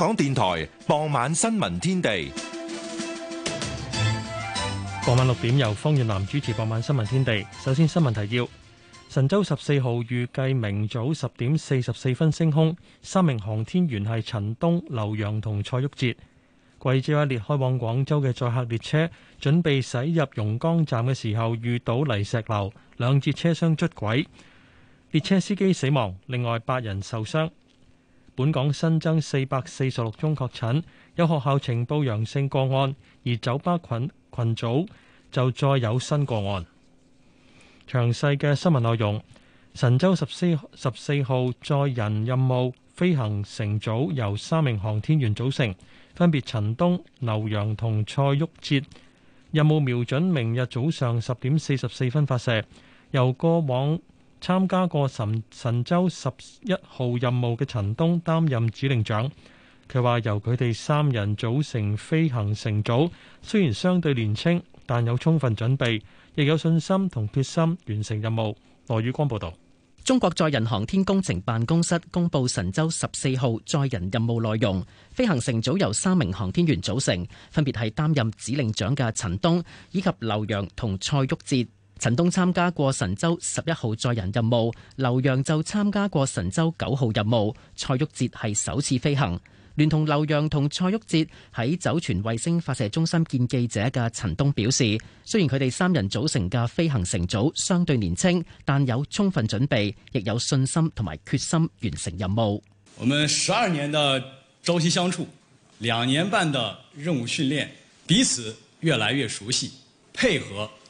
港電臺傍晚新聞天地。傍晚六點由方遠南主持《傍晚新聞天地》。首先新聞提要：神舟十四號預計明早十點四十四分升空，三名航天員係陳冬、劉洋同蔡旭哲。貴州一列開往廣州嘅載客列車準備駛入榕江站嘅時候，遇到泥石流，兩節車廂出軌，列車司機死亡，另外八人受傷。本港新增四百四十六宗確診，有學校呈報陽性個案，而酒吧群群組就再有新個案。詳細嘅新聞內容，神舟十四十四號載人任務飛行乘組由三名航天員組成，分別陳冬、劉洋同蔡旭哲。任務瞄準明日早上十點四十四分發射，由過往。參加過神神舟十一號任務嘅陳冬擔任指令長，佢話由佢哋三人組成飛行乘組，雖然相對年輕，但有充分準備，亦有信心同決心完成任務。羅宇光報導。中國載人航天工程辦公室公布神舟十四號載人任務內容，飛行乘組由三名航天員組成，分別係擔任指令長嘅陳冬，以及劉洋同蔡旭哲。陳東參加過神舟十一號載人任務，劉洋就參加過神舟九號任務，蔡旭哲係首次飛行。聯同劉洋同蔡旭哲喺酒泉衛星發射中心見記者嘅陳東表示，雖然佢哋三人組成嘅飛行乘組相對年輕，但有充分準備，亦有信心同埋決心完成任務，我們十二年的朝夕相處，兩年半的任務訓練，彼此越來越熟悉、配合。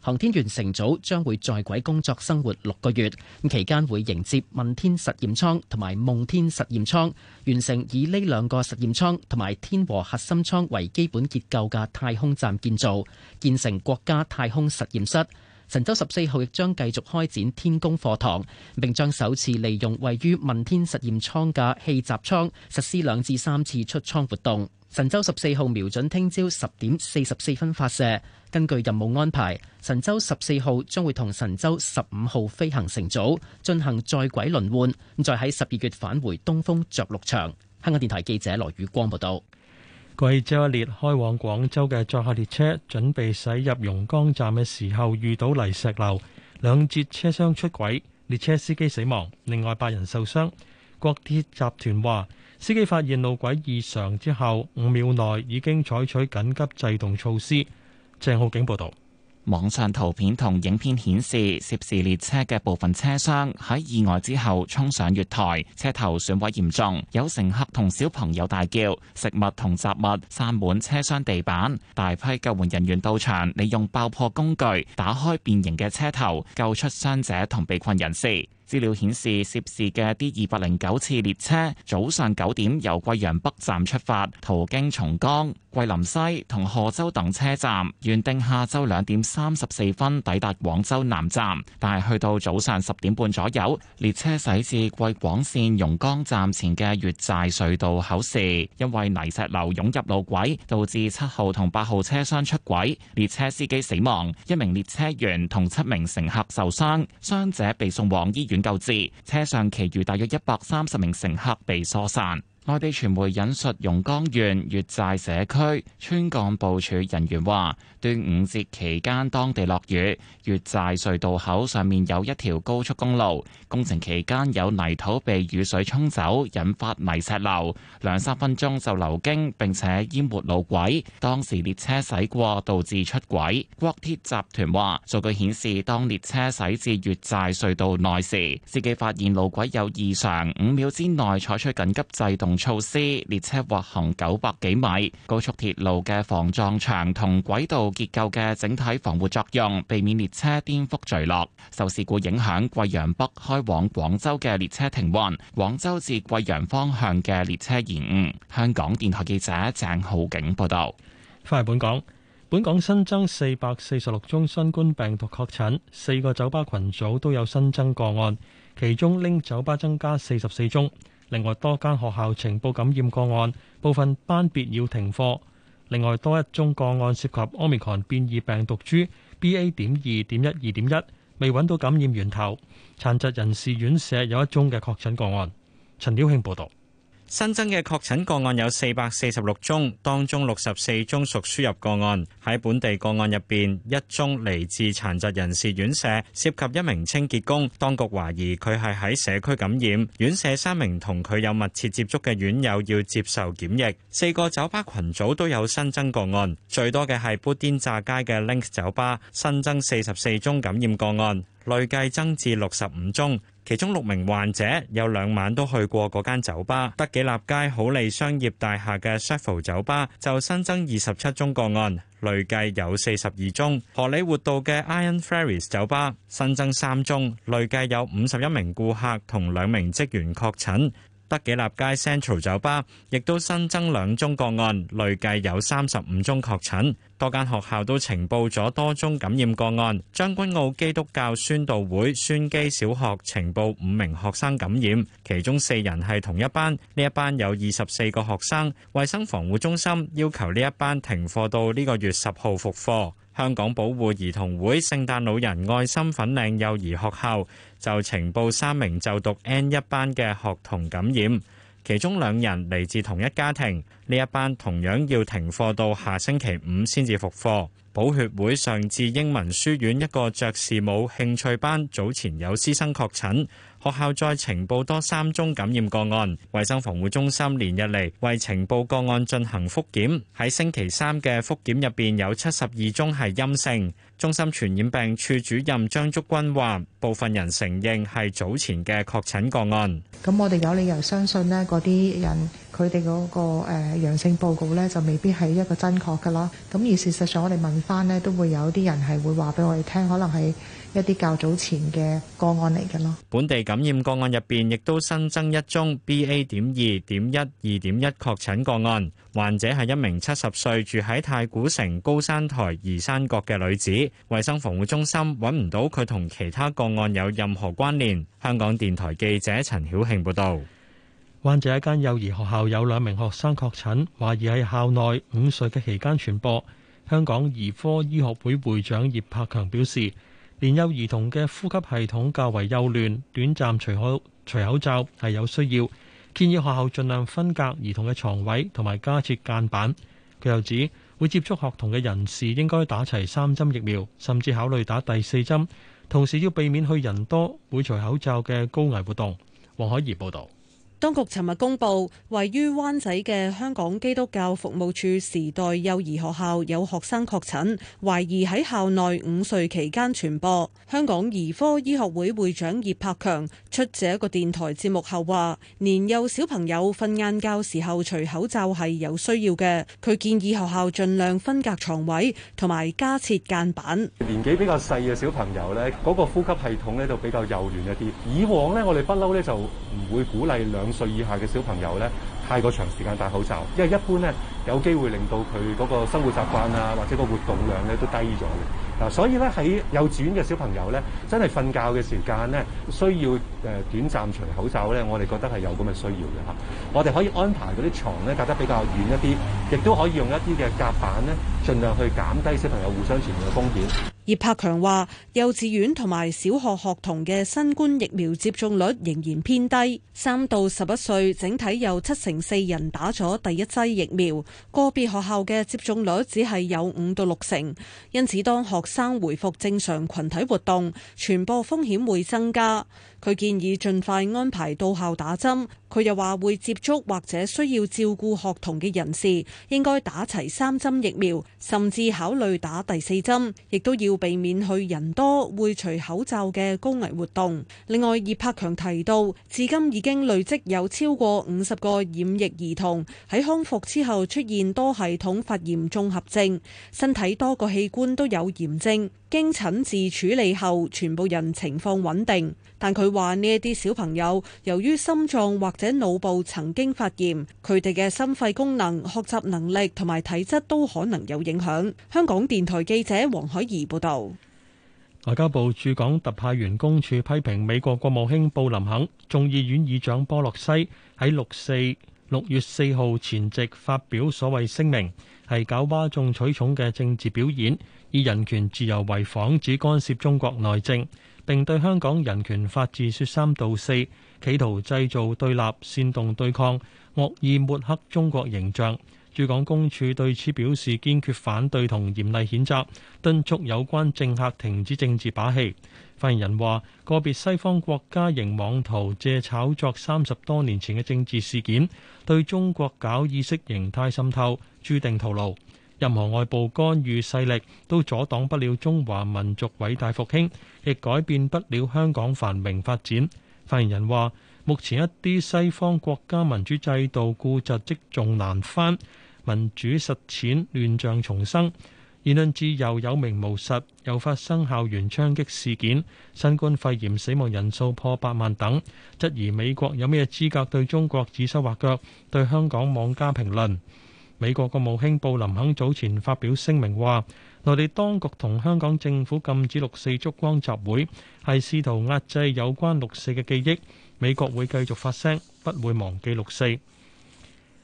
航天員乘組將會在軌工作生活六個月，期間會迎接問天實驗艙同埋夢天實驗艙，完成以呢兩個實驗艙同埋天和核心艙為基本結構嘅太空站建造，建成國家太空實驗室。神舟十四號亦將繼續開展天宮課堂，並將首次利用位於問天實驗艙嘅氣閘艙實施兩至三次出艙活動。神舟十四號瞄準聽朝十點四十四分發射。根據任務安排，神舟十四號將會同神舟十五號飛行乘組進行在軌輪換，再喺十二月返回東風着陸場。香港電台記者羅宇光報道。貴州一列開往廣州嘅載客列車準備駛入榕江站嘅時候遇到泥石流，兩節車廂出軌，列車司機死亡，另外八人受傷。國鐵集團話。司機發現路軌異常之後，五秒內已經採取緊急制動措施。鄭浩景報道：「網上圖片同影片顯示，涉事列車嘅部分車廂喺意外之後衝上月台，車頭損毀嚴重，有乘客同小朋友大叫，食物同雜物散滿車廂地板。大批救援人員到場，利用爆破工具打開變形嘅車頭，救出傷者同被困人士。資料顯示，涉事嘅 D 二百零九次列車早上九點由貴陽北站出發，途經從江、桂林西同賀州等車站，原定下晝兩點三十四分抵達廣州南站。但係去到早上十點半左右，列車駛至貴廣線榕江站前嘅越寨隧道口時，因為泥石流湧入路軌，導致七號同八號車廂出軌，列車司機死亡，一名列車員同七名乘客受傷，傷者被送往醫院。救治，車上其餘大約一百三十名乘客被疏散。內地傳媒引述榕江縣越寨社區村幹部處人員話，端午節期間當地落雨，越寨隧道口上面有一條高速公路，工程期間有泥土被雨水沖走，引發泥石流，兩三分鐘就流經並且淹沒路軌，當時列車駛過，導致出軌。國鐵集團話數據顯示，當列車駛至越寨隧道內時，司機發現路軌有異常，五秒之內採取緊急制動。措施，列車滑行九百幾米，高速鐵路嘅防撞牆同軌道結構嘅整體防護作用，避免列車顛覆墜落。受事故影響，貴陽北開往廣州嘅列車停運，廣州至貴陽方向嘅列車延誤。香港電台記者鄭浩景報道。翻嚟本港，本港新增四百四十六宗新冠病毒確診，四個酒吧群組都有新增個案，其中拎酒吧增加四十四宗。另外多間學校情報感染個案，部分班別要停課。另外多一宗個案涉及 Omicron 變異病毒株 BA. 點二點一二點一，未揾到感染源頭。殘疾人士院舍有一宗嘅確診個案。陳曉慶報道。新增嘅確診個案有四百四十六宗，當中六十四宗屬輸入個案。喺本地個案入邊，一宗嚟自殘疾人士院舍，涉及一名清潔工，當局懷疑佢係喺社區感染。院舍三名同佢有密切接觸嘅院友要接受檢疫。四個酒吧群組都有新增個案，最多嘅係砵甸乍街嘅 Link 酒吧，新增四十四宗感染個案，累計增至六十五宗。其中六名患者有兩晚都去過嗰間酒吧，德己立街好利商業大廈嘅 Shuffle 酒吧就新增二十七宗個案，累計有四十二宗。荷里活道嘅 Iron Fairies 酒吧新增三宗，累計有五十一名顧客同兩名職員確診。德己立街 Central 酒吧亦都新增兩宗個案，累計有三十五宗確診。多間學校都呈報咗多宗感染個案。將軍澳基督教宣道會宣基小學呈報五名學生感染，其中四人係同一班，呢一班有二十四個學生。衛生防護中心要求呢一班停課到呢個月十號復課。香港保護兒童會聖誕老人愛心粉嶺幼兒學校就呈報三名就讀 N 一班嘅學童感染，其中兩人嚟自同一家庭。呢一班同樣要停課到下星期五先至復課。寶血會上智英文書院一個爵士舞興趣班早前有師生確診。學校再呈報多三宗感染個案，衛生防護中心連日嚟為情報個案進行復檢，喺星期三嘅復檢入邊有七十二宗係陰性。中心傳染病處主任張竹君話，部分人承認係早前嘅確診個案。咁我哋有理由相信呢嗰啲人佢哋嗰個誒陽性報告呢，就未必係一個真確噶咯。咁而事實上我哋問翻呢，都會有啲人係會話俾我哋聽，可能係。一啲較早前嘅個案嚟嘅咯。本地感染個案入邊，亦都新增一宗 B A. 點二點一二點一確診個案。患者係一名七十歲住喺太古城高山台怡山閣嘅女子。衞生防護中心揾唔到佢同其他個案有任何關聯。香港電台記者陳曉慶報道，患者一間幼兒學校有兩名學生確診，懷疑喺校內午睡嘅期間傳播。香港兒科醫學會會長葉柏強表示。年幼兒童嘅呼吸系統較為幼嫩，短暫除口除口罩係有需要。建議學校盡量分隔兒童嘅床位，同埋加設間板。佢又指，會接觸學童嘅人士應該打齊三針疫苗，甚至考慮打第四針，同時要避免去人多會除口罩嘅高危活動，黃海怡報道。當局尋日公布，位於灣仔嘅香港基督教服務處時代幼兒學校有學生確診，懷疑喺校內午睡期間傳播。香港兒科醫學會會長葉柏強出席一個電台節目後話：年幼小朋友瞓晏覺時候除口罩係有需要嘅。佢建議學校盡量分隔床位同埋加設間板。年紀比較細嘅小朋友呢，嗰個呼吸系統呢就比較柔軟一啲。以往呢，我哋不嬲呢就唔會鼓勵兩五歲以下嘅小朋友咧，太過長時間戴口罩，因為一般咧，有機會令到佢嗰個生活習慣啊，或者個活動量咧都低咗嘅。嗱，所以咧喺幼稚園嘅小朋友咧，真係瞓覺嘅時間咧，需要誒短暫除口罩咧，我哋覺得係有咁嘅需要嘅嚇。我哋可以安排嗰啲床咧隔得比較遠一啲，亦都可以用一啲嘅夾板咧，盡量去減低小朋友互相傳染嘅風險。葉柏強話：幼稚園同埋小學學童嘅新冠疫苗接種率仍然偏低，三到十一歲整體有七成四人打咗第一劑疫苗，個別學校嘅接種率只係有五到六成。因此當學生回復正常群體活動，傳播風險會增加。佢建議盡快安排到校打針。佢又話會接觸或者需要照顧學童嘅人士，應該打齊三針疫苗，甚至考慮打第四針，亦都要避免去人多會除口罩嘅高危活動。另外，葉柏強提到，至今已經累積有超過五十個染疫兒童喺康復之後出現多系統發炎綜合症，身體多個器官都有炎。經經診治處理後，全部人情況穩定。但佢話呢一啲小朋友由於心臟或者腦部曾經發炎，佢哋嘅心肺功能、學習能力同埋體質都可能有影響。香港電台記者黃海怡報道。外交部駐港特派員公署批評美國國務卿布林肯、眾議院議長波洛西喺六四六月四號前夕發表所謂聲明，係搞嘩眾取寵嘅政治表演，以人權自由為幌子干涉中國內政，並對香港人權法治説三道四，企圖製造對立、煽動對抗、惡意抹黑中國形象。駐港公署對此表示堅決反對同嚴厲譴責，敦促有關政客停止政治把戲。發言人話：個別西方國家仍妄圖借炒作三十多年前嘅政治事件，對中國搞意識形態滲透，注定徒勞。任何外部干預勢力都阻擋不了中華民族偉大復興，亦改變不了香港繁榮發展。發言人話：目前一啲西方國家民主制度痼疾積重難返，民主實踐亂象叢生。言論自由有名無實，又發生校園槍擊事件，新冠肺炎死亡人數破百萬等，質疑美國有咩資格對中國指手畫腳，對香港妄加評論。美國國務卿布林肯早前發表聲明話，內地當局同香港政府禁止六四燭光集會，係試圖壓制有關六四嘅記憶。美國會繼續發聲，不會忘記六四。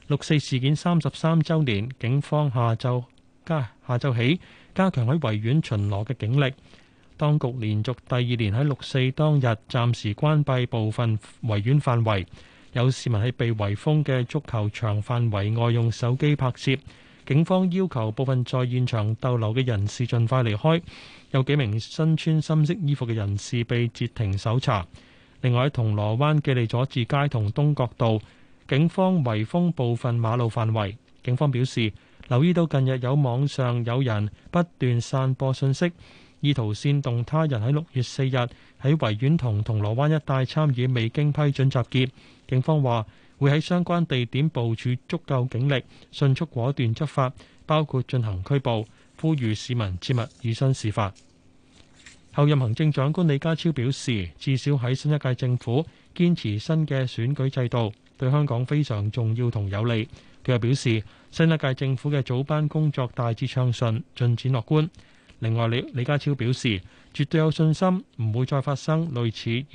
六四事件三十三周年，警方下晝。家下晝起加強喺維園巡邏嘅警力，當局連續第二年喺六四當日暫時關閉部分維園範圍，有市民喺被圍封嘅足球場範圍外用手機拍攝，警方要求部分在現場逗留嘅人士盡快離開，有幾名身穿深色衣服嘅人士被截停搜查。另外喺銅鑼灣嘅利佐治街同東角道，警方圍封部分馬路範圍。警方表示，留意到近日有網上有人不斷散播信息，意圖煽動他人喺六月四日喺維園同銅鑼灣一帶參與未經批准集結。警方話會喺相關地點部署足夠警力，迅速果斷執法，包括進行拘捕。呼籲市民切勿以身試法。候任行政長官李家超表示，至少喺新一屆政府堅持新嘅選舉制度。對香港非常重要同有利。佢又表示新一屆政府嘅組班工作大致暢順，進展樂觀。另外李家超表示絕對有信心唔會再發生類似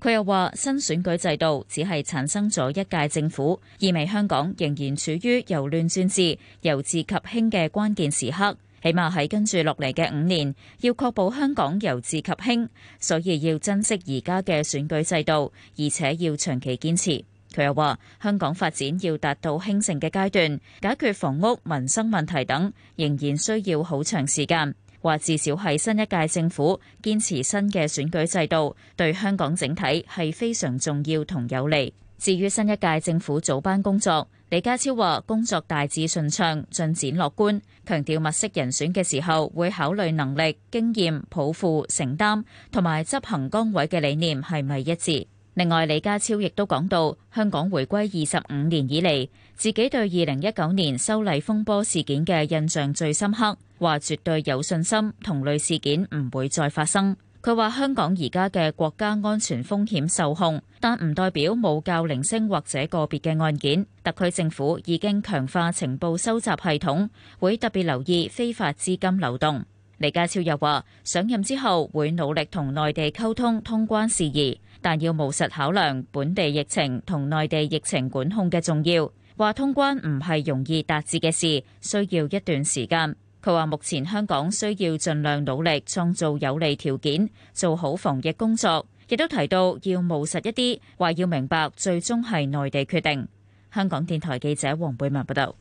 佢又話：新選舉制度只係產生咗一屆政府，意味香港仍然處於由亂轉治、由治及興嘅關鍵時刻。起碼喺跟住落嚟嘅五年，要確保香港由治及興，所以要珍惜而家嘅選舉制度，而且要長期堅持。佢又話：香港發展要達到興盛嘅階段，解決房屋、民生問題等，仍然需要好長時間。話至少係新一屆政府堅持新嘅選舉制度，對香港整體係非常重要同有利。至於新一屆政府早班工作，李家超話工作大致順暢，進展樂觀。強調物色人選嘅時候會考慮能力、經驗、抱負、承擔同埋執行崗位嘅理念係咪一致。另外，李家超亦都講到，香港回歸二十五年以嚟。自己對二零一九年修例風波事件嘅印象最深刻，話絕對有信心，同類事件唔會再發生。佢話香港而家嘅國家安全風險受控，但唔代表冇較零星或者個別嘅案件。特區政府已經強化情報收集系統，會特別留意非法資金流動。李家超又話上任之後會努力同內地溝通通關事宜，但要務實考量本地疫情同內地疫情管控嘅重要。話通關唔係容易達至嘅事，需要一段時間。佢話目前香港需要盡量努力，創造有利條件，做好防疫工作，亦都提到要務實一啲，話要明白最終係內地決定。香港電台記者黃貝文報道。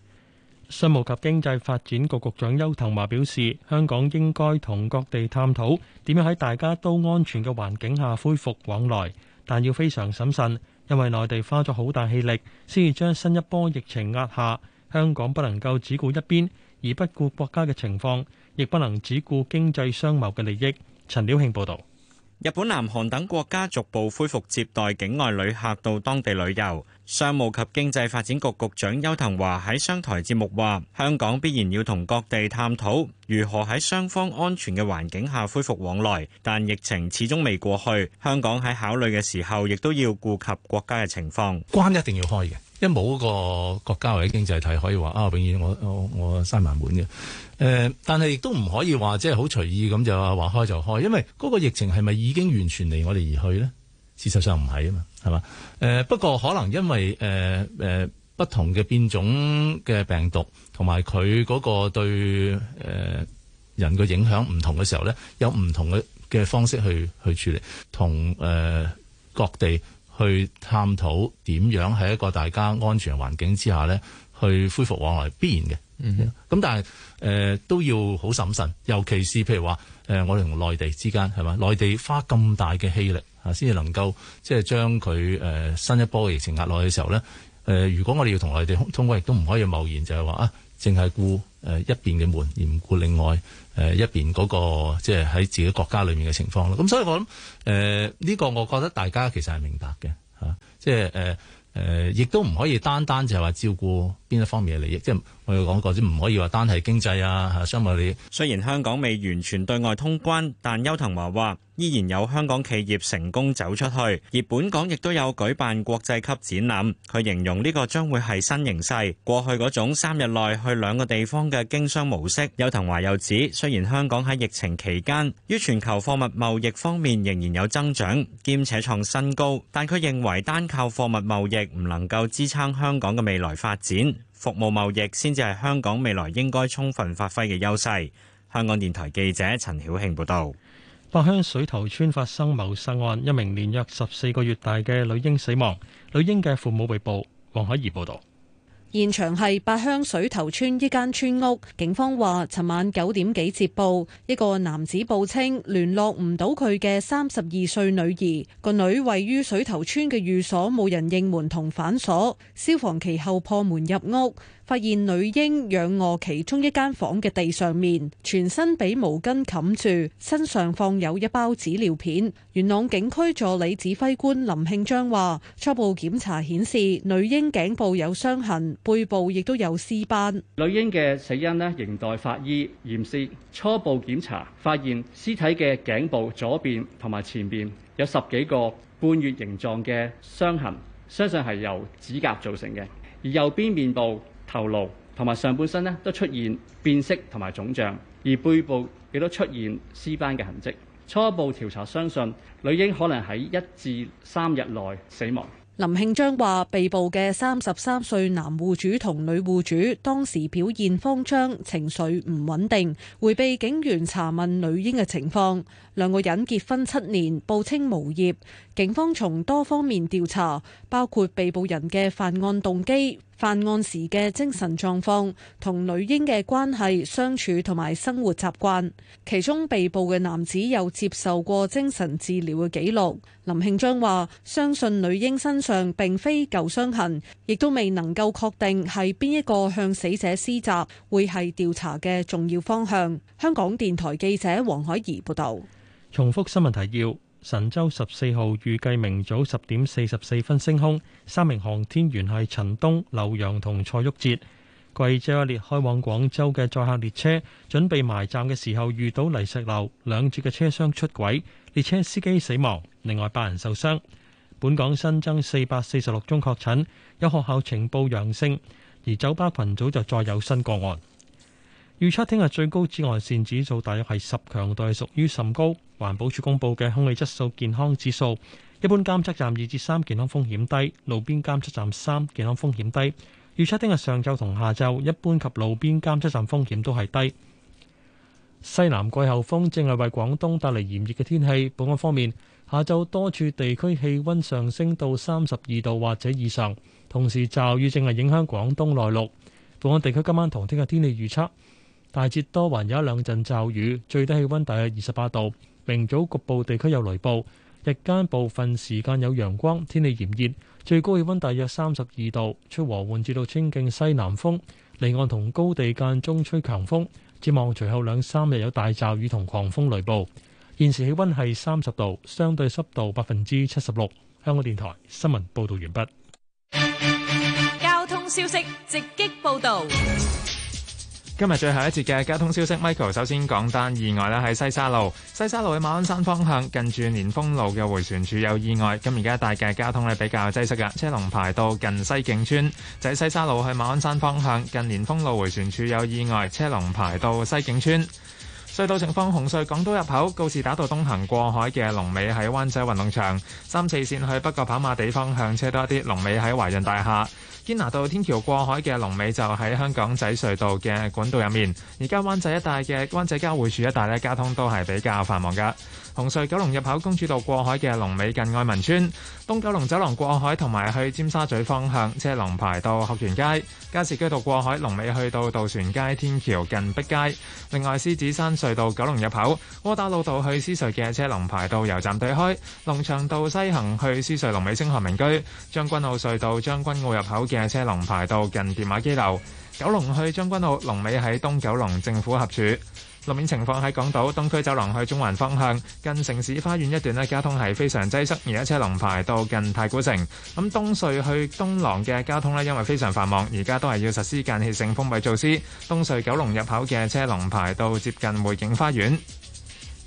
商務及經濟發展局局長邱騰華表示，香港應該同各地探討點樣喺大家都安全嘅環境下恢復往來，但要非常審慎。因為內地花咗好大氣力，先至將新一波疫情壓下，香港不能夠只顧一邊，而不顧國家嘅情況，亦不能只顧經濟商貿嘅利益。陳了慶報導。日本、南韓等國家逐步恢復接待境外旅客到當地旅遊。商務及經濟發展局局長邱騰華喺商台節目話：香港必然要同各地探討如何喺雙方安全嘅環境下恢復往來，但疫情始終未過去，香港喺考慮嘅時候亦都要顧及國家嘅情況。關一定要開嘅，因冇個國家或者經濟體可以話啊，永遠我我我閂埋門嘅。誒、呃，但係亦都唔可以話即係好隨意咁就話開就開，因為個疫情係咪已經完全離我哋而去咧？事實上唔係啊嘛，係嘛？誒、呃，不過可能因為誒誒、呃呃、不同嘅變種嘅病毒，同埋佢個對誒、呃、人嘅影響唔同嘅時候咧，有唔同嘅嘅方式去去處理，同誒、呃、各地去探討點樣喺一個大家安全環境之下咧，去恢復往來必然嘅。嗯，嗯，咁但係誒、呃、都要好審慎，慎，尤其是譬如話誒、呃、我哋同內地之間係嘛，內地花咁大嘅氣力嚇，先、啊、至能夠即係將佢誒、呃、新一波嘅疫情壓落去嘅時候咧，誒、呃、如果我哋要同內地通過，亦都唔可以貿然就係、是、話啊，淨係顧誒一邊嘅門，而唔顧另外誒一邊嗰、那個即係喺自己國家裏面嘅情況咯。咁、啊嗯、所以我諗誒呢個，我覺得大家其實係明白嘅嚇、啊，即係誒。呃誒，亦都唔可以單單就係話照顧邊一方面嘅利益，即係我有講過，即唔可以話單係經濟啊、商務啲。雖然香港未完全對外通關，但邱騰華話依然有香港企業成功走出去，而本港亦都有舉辦國際級展覽。佢形容呢個將會係新形勢，過去嗰種三日內去兩個地方嘅經商模式。邱騰華又指，雖然香港喺疫情期間於全球貨物貿易方面仍然有增長，兼且創新高，但佢認為單靠貨物貿易。亦唔能夠支撐香港嘅未來發展，服務貿易先至係香港未來應該充分發揮嘅優勢。香港電台記者陳曉慶報道。北鄉水頭村發生謀殺案，一名年約十四個月大嘅女嬰死亡，女嬰嘅父母被捕。黃海怡報道。現場係八鄉水頭村一間村屋，警方話：尋晚九點幾接報，一個男子報稱聯絡唔到佢嘅三十二歲女兒，個女位於水頭村嘅寓所，冇人應門同反鎖。消防其後破門入屋，發現女嬰仰臥其中一間房嘅地上面，全身被毛巾冚住，身上放有一包紙尿片。元朗警區助理指揮官林慶章話：初步檢查顯示女嬰頸部有傷痕。背部亦都有屍斑，女嬰嘅死因呢仍待法醫驗屍。初步檢查發現屍體嘅頸部左邊同埋前邊有十幾個半月形狀嘅傷痕，相信係由指甲造成嘅。而右邊面部、頭顱同埋上半身呢都出現變色同埋腫脹，而背部亦都出現屍斑嘅痕迹。初步調查相信女嬰可能喺一至三日內死亡。林慶章話：被捕嘅三十三歲男戶主同女戶主當時表現慌張，情緒唔穩定，回避警員查問女嬰嘅情況。兩個人結婚七年，報稱無業。警方從多方面調查，包括被捕人嘅犯案動機。犯案時嘅精神狀況同女嬰嘅關係、相處同埋生活習慣，其中被捕嘅男子有接受過精神治療嘅記錄。林慶章話：相信女嬰身上並非舊傷痕，亦都未能夠確定係邊一個向死者施襲，會係調查嘅重要方向。香港電台記者黃海怡報導。重複新聞提要。神舟十四號預計明早十點四十四分升空，三名航天員係陳冬、劉洋同蔡旭哲。貴州一列開往廣州嘅載客列車準備埋站嘅時候，遇到泥石流，兩節嘅車廂出軌，列車司機死亡，另外八人受傷。本港新增四百四十六宗確診，有學校情報陽性，而酒吧群組就再有新個案。預測聽日最高紫外線指數大約係十，強度係屬於甚高。環保署公布嘅空氣質素健康指數，一般監測站二至三，健康風險低；路邊監測站三，健康風險低。預測聽日上晝同下晝，一般及路邊監測站風險都係低。西南季候風正係為廣東帶嚟炎熱嘅天氣。保安方面本港，下晝多處地區氣溫上升到三十二度或者以上，同時驟雨正係影響廣東內陸。本港地區今晚同聽日天氣預測。大致多雲有一兩陣驟雨，最低氣溫大約二十八度。明早局部地區有雷暴，日間部分時間有陽光，天氣炎熱，最高氣溫大約三十二度。吹和緩至到清勁西南風，離岸同高地間中吹強風。展望隨後兩三日有大驟雨同狂風雷暴。現時氣溫係三十度，相對濕度百分之七十六。香港電台新聞報道完畢。交通消息直擊報道。今日最後一節嘅交通消息，Michael 首先講單意外啦，喺西沙路，西沙路去馬鞍山方向近住連豐路嘅迴旋處有意外，咁而家大嘅交通咧比較擠塞嘅，車龍排到近西景村。喺、就喺、西沙路去馬鞍山方向近年豐路迴旋處有意外，車龍排到西景村。隧道情況，紅隧港島入口告士打道東行過海嘅龍尾喺灣仔運動場，三四線去北角跑馬地方向車多啲，龍尾喺華潤大廈。堅拿道天橋過海嘅龍尾就喺香港仔隧道嘅管道入面，而家灣仔一帶嘅灣仔交匯處一帶呢，交通都係比較繁忙㗎。紅隧九龍入口公主道過海嘅龍尾近愛民村東九龍走廊過海同埋去尖沙咀方向車龍排到學園街，加士居道過海龍尾去到渡船街天橋近碧街。另外獅子山隧道九龍入口窩打老道去獅隧嘅車龍排到油站對開，龍翔道西行去獅隧龍尾星河名居，將軍澳隧道將軍澳入口嘅車龍排到近電話機樓，九龍去將軍澳龍尾喺東九龍政府合署。路面情況喺港島東區走廊去中環方向，近城市花園一段呢交通係非常擠塞，而家車龍排到近太古城。咁東隧去東廊嘅交通呢因為非常繁忙，而家都係要實施間歇性封閉措施。東隧九龍入口嘅車龍排到接近匯景花園。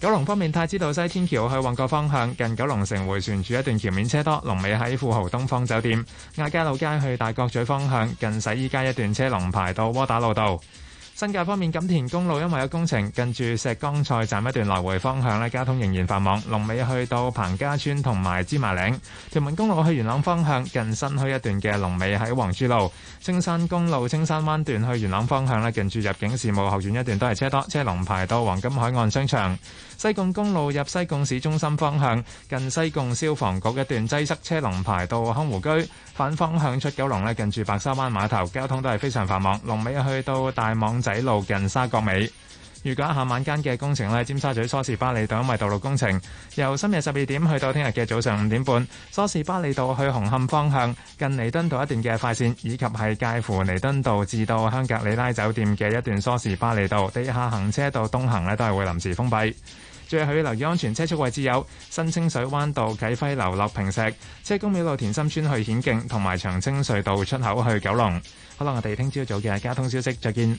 九龍方面，太子道西天橋去旺角方向，近九龍城回旋處一段橋面車多，龍尾喺富豪東方酒店；亞皆老街去大角咀方向，近洗衣街一段車龍排到窩打老道。新界方面，錦田公路因為有工程，近住石崗菜站一段來回方向咧，交通仍然繁忙。龍尾去到彭家村同埋芝麻嶺。屯門公路去元朗方向，近新墟一段嘅龍尾喺黃珠路。青山公路青山灣段去元朗方向咧，近住入境事務學院一段都係車多，車龍排到黃金海岸商場。西貢公路入西貢市中心方向，近西貢消防局一段擠塞，車龍排到匡湖居。反方向出九龍咧，近住白沙灣碼頭，交通都係非常繁忙。龍尾去到大網仔路近沙角尾。預計下晚間嘅工程呢，尖沙咀梳士巴利道因為道路工程，由深夜十二點去到聽日嘅早上五點半。梳士巴利道去紅磡方向近彌敦道一段嘅快線，以及喺介乎彌敦道至到香格里拉酒店嘅一段梳士巴利道地下行車道東行呢，都係會臨時封閉。最後要留意安全車速位置有新清水灣道啟輝樓落坪石、車公廟路田心村去顯徑，同埋長青隧道出口去九龍。好啦，我哋聽朝早嘅交通消息，再見。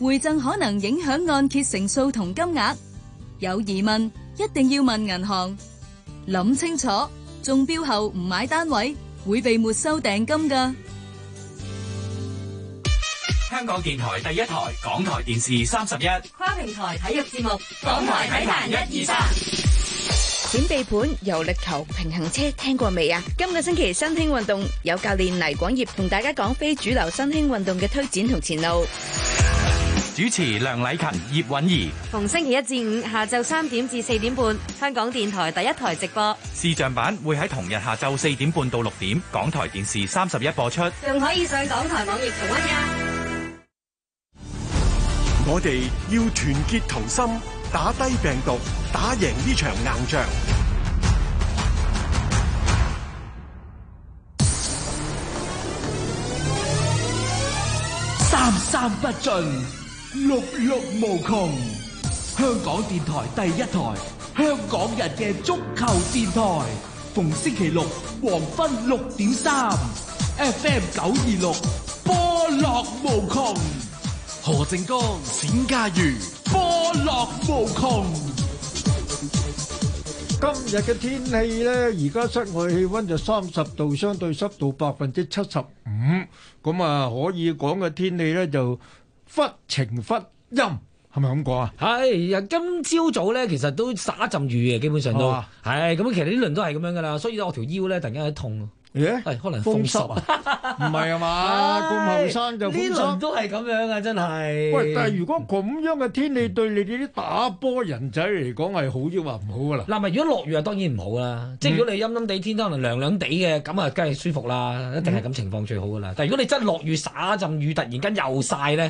回贈可能影響按揭成數同金額，有疑問一定要問銀行，諗清楚。中標後唔買單位會被沒收訂金㗎。香港電台第一台，港台電視三十一跨平台體育節目，港台體壇一二三。躲避盤、柔力球、平衡車，聽過未呀？今個星期新興運動有教練黎廣業同大家講非主流新興運動嘅推展同前路。主持梁禮勤、葉韻儀，逢星期一至五下晝三點至四點半，香港電台第一台直播。視像版會喺同日下晝四點半到六點，港台電視三十一播出。仲可以上港台網頁重温呀！我哋要團結同心，打低病毒，打贏呢場硬仗。三三不盡。樂樂無窮，香港電台第一台，香港人嘅足球電台，逢星期六黃昏六點三，FM 九二六，波落無窮，何正剛、冼家瑜，波落無窮。今日嘅天氣咧，而家室外氣溫就三十度，相對濕度百分之七十五，咁啊可以講嘅天氣咧就，忽晴忽陰，係咪咁講啊？係啊，今朝早咧，其實都灑一陣雨嘅，基本上都係咁。其實呢輪都係咁樣噶啦，所以我條腰咧突然間有啲痛。咦？可能風濕啊？唔係啊嘛，咁後生就，呢輪都係咁樣啊！真係喂，但係如果咁樣嘅天氣，對你哋啲打波人仔嚟講，係好抑或唔好噶啦。嗱，咪如果落雨啊，當然唔好啦。即係如果你陰陰地，天都可能涼涼地嘅，咁啊梗係舒服啦，一定係咁情況最好噶啦。但係如果你真係落雨灑一陣雨，突然間又曬咧。